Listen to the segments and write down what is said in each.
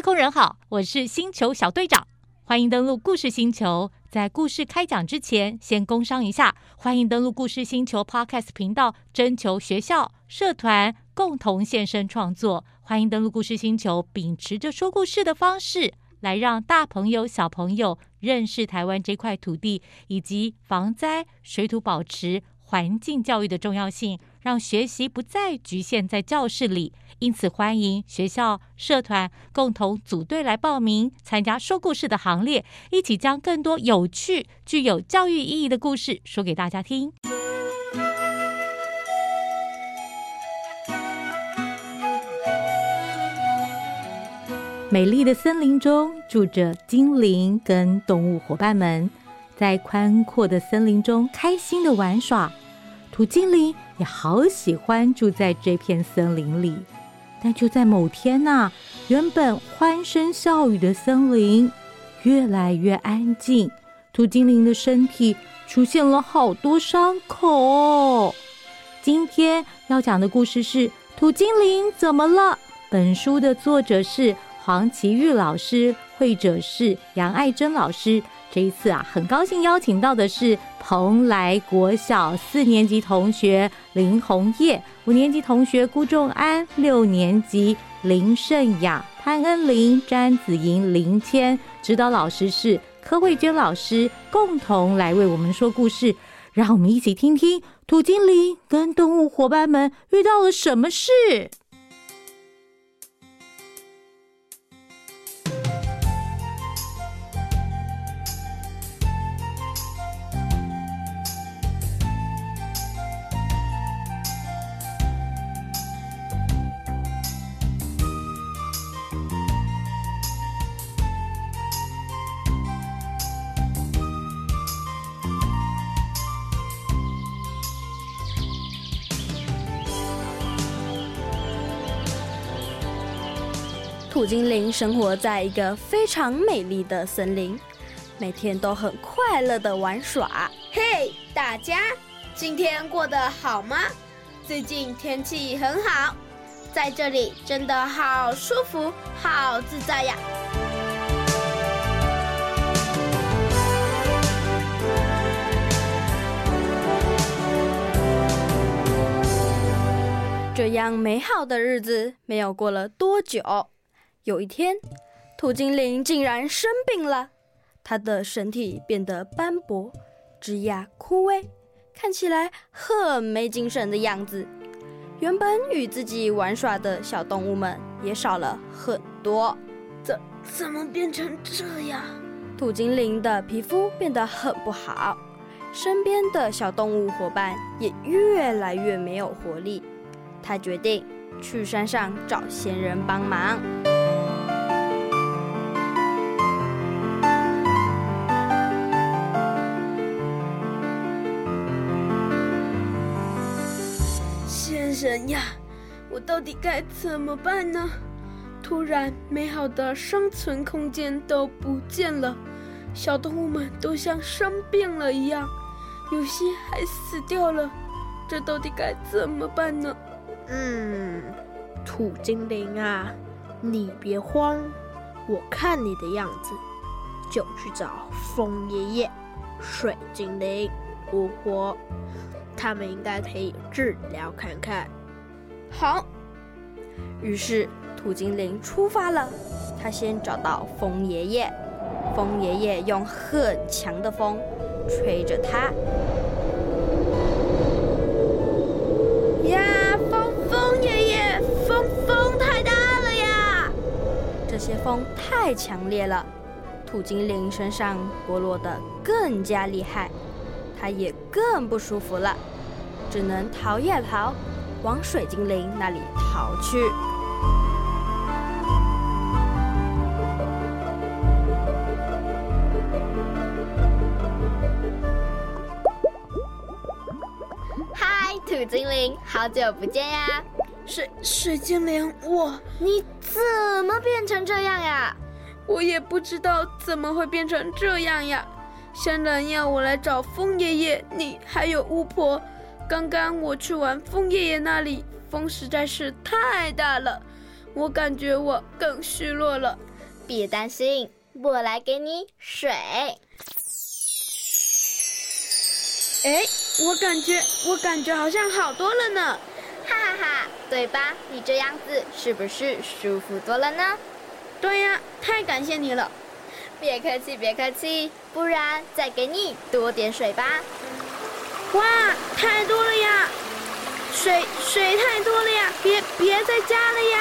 太空人好，我是星球小隊長，歡迎登錄故事星球。在故事開講之前，先工商一下。歡迎登錄故事星球 Podcast 頻道，徵求學校、社團共同現身創作。歡迎登錄故事星球，秉持着說故事的方式，來讓大朋友、小朋友認識台灣這塊土地以及防災、水土保持、環境教育的重要性。讓學習不再侷限在教室裡，因此歡迎學校、社團共同組隊來報名參加說故事的行列，一起將更多有趣、具有教育意義的故事說給大家聽。美麗的森林中住着精靈跟動物伙伴們，在寬闊的森林中開心的玩耍。土精靈。也好喜歡住在這片森林裡，但就在某天吶、啊，原本歡聲笑語的森林越來越安靜，土精靈的身體出現了好多傷口。今天要講的故事是《土精靈怎麼了？》。本書的作者是黃麒育老師。繪者是楊璦甄老師。這一次啊，很高興邀請到的是蓬萊國小四年級同學林宏燁、五年級同學辜仲安、六年級林聖雅、潘恩琳、詹子瑩、林謙。指導老師是柯惠娟老師，共同來為我們說故事。讓我們一起聽聽土精靈跟動物夥伴們遇到了什麼事。土精靈生活在一個非常美麗的森林，每天都很快樂的玩耍。嘿，大家，今天過得好嗎？最近天氣很好，在這裡真的好舒服，好自在呀。這樣美好的日子沒有過了多久。有一天，土精靈竟然生病了，它的身體變得斑駁，枝椏枯萎，看起來很沒精神的樣子。原本與自己玩耍的小動物們也少了很多。怎怎麼變成這樣？土精靈的皮膚變得很不好，身邊的小動物夥伴也越來越沒有活力。他決定去山上找仙人幫忙。神呀，我到底該怎麼辦呢？突然，美好的生存空間都不見了，小動物們都像生病了一樣，有些還死掉了，這到底該怎麼辦呢？嗯，土精靈啊，你別慌，我看你的樣子，就去找風爺爺、水精靈、巫婆。他們應該可以治療看看。好，於是土精靈出發了。他先找到風爺爺，風爺爺用很強的風吹着他。呀，風風爺爺，風風太大了呀！這些風太強烈了，土精靈身上剝落得更加厲害。他也更不舒服了，只能逃呀逃，往水精靈那裡逃去。嗨，土精靈，好久不見呀！水水精靈，我你怎麼變成這樣呀？我也不知道怎麼會變成這樣呀。仙人要我來找風爺爺，你還有巫婆。剛剛我去完風爺爺那裡，風實在是太大了，我感覺我更虛弱了。別擔心，我來給你水。哎，我感覺我感覺好像好多了呢。哈哈哈，對吧？你這樣子是不是舒服多了呢？對呀，啊，太感謝你了。別客氣，別客氣，不然再給你多點水吧。哇，太多了呀！水水太多了呀！別別再加了呀！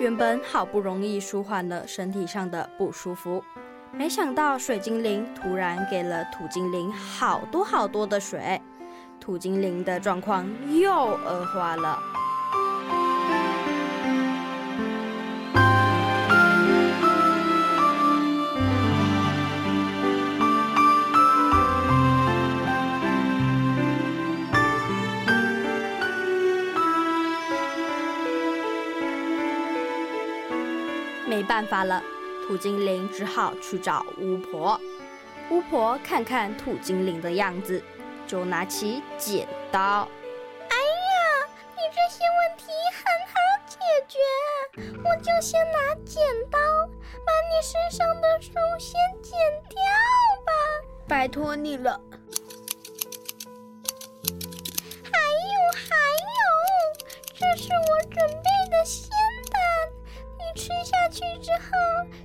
原本好不容易舒緩了身體上的不舒服，沒想到水精靈突然給了土精靈好多好多的水，土精靈的狀況又惡化了。沒辦法了，土精靈只好去找巫婆。巫婆看看土精靈的樣子，就拿起剪刀。哎呀，你這些問題很好解決，我就先拿剪刀把你身上的手先剪掉吧。拜託你了。還有還有，這是我準備的。吃下去之後，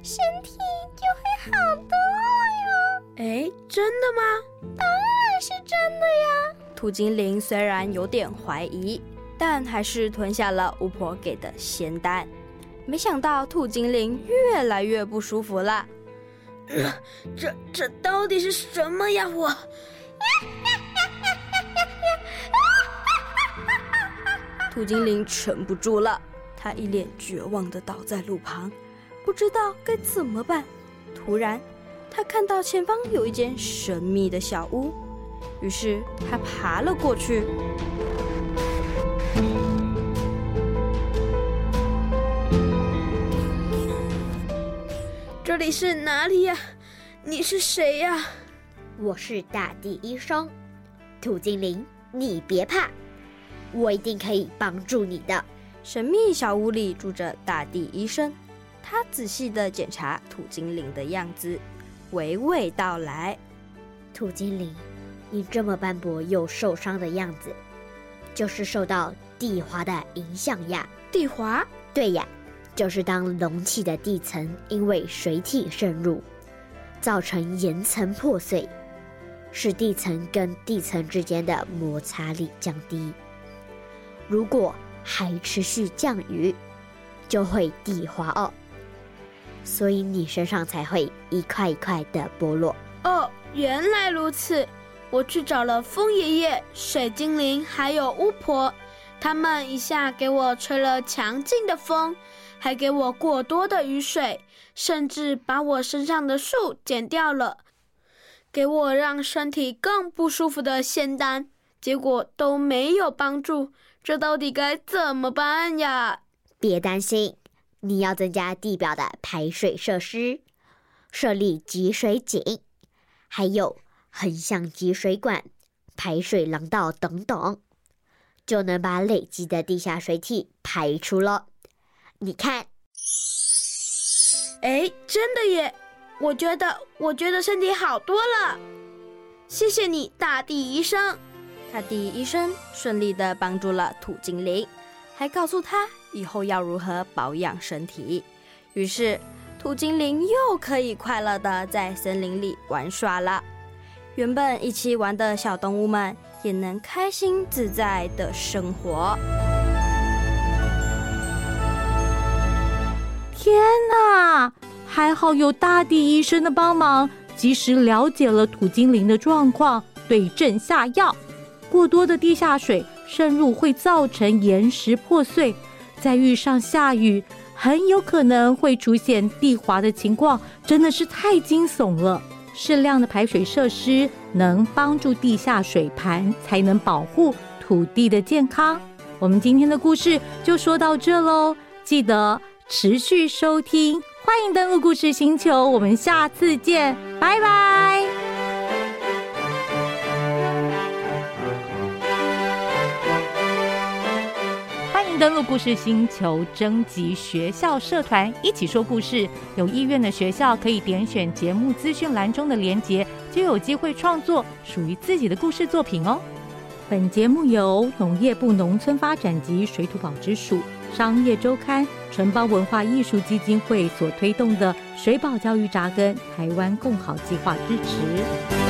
身體就會好多喲。哎，真的嗎？當然是真的呀！土精靈雖然有點懷疑，但還是吞下了巫婆給的仙丹。沒想到，土精靈越來越不舒服了。嗯、這這到底是什麼呀？我！ 土精靈撐不住了。他一臉絕望的倒在路旁，不知道該怎麼辦。突然，他看到前方有一間神秘的小屋，於是他爬了過去。這裡是哪裡呀？你是誰呀？我是大地醫生，土精靈，你別怕，我一定可以幫助你的。神秘小屋裡住着大地醫生，他仔細地檢查土精靈的樣子，娓娓道來：“土精靈，你這麼斑駁又受傷的樣子，就是受到地滑的影響呀。地滑，對呀，就是當隆起的地層因為水體滲入，造成岩層破碎，使地層跟地層之間的摩擦力降低。如果。”還持續降雨，就會地滑哦。所以你身上才會一塊一塊的剝落。哦，原來如此。我去找了風爺爺、水精靈還有巫婆，他們一下給我吹了強勁的風，還給我過多的雨水，甚至把我身上的樹剪掉了，給我讓身體更不舒服的仙丹。結果都沒有幫助，這到底該怎麼辦呀？別擔心，你要增加地表的排水設施，設立集水井，還有橫向集水管、排水廊道等等，就能把累積的地下水體排出了。你看，哎，真的耶！我覺得，我覺得身體好多了，謝謝你，大地醫生。大地醫生順利的幫助了土精靈，還告訴他以後要如何保養身體。於是，土精靈又可以快樂的在森林裡玩耍了。原本一起玩的小動物們也能開心自在的生活。天哪！還好有大地醫生的幫忙，及時了解了土精靈的狀況，對症下藥。過多的地下水滲入會造成岩石破碎，再遇上下雨，很有可能會出現地滑的情況，真的是太驚悚了。適量的排水設施能幫助地下水盤，才能保護土地的健康。我們今天的故事就說到這嘍，記得持續收聽，歡迎登錄故事星球，我們下次見，拜拜。登錄故事星球，徵集學校社團一起說故事。有意願的學校可以點選節目資訊欄中的連結，就有機會創作屬於自己的故事作品哦。本節目由農業部農村發展及水土保持署、商業周刊、純包文化藝術基金會所推動的水保教育扎根台灣共好計劃支持。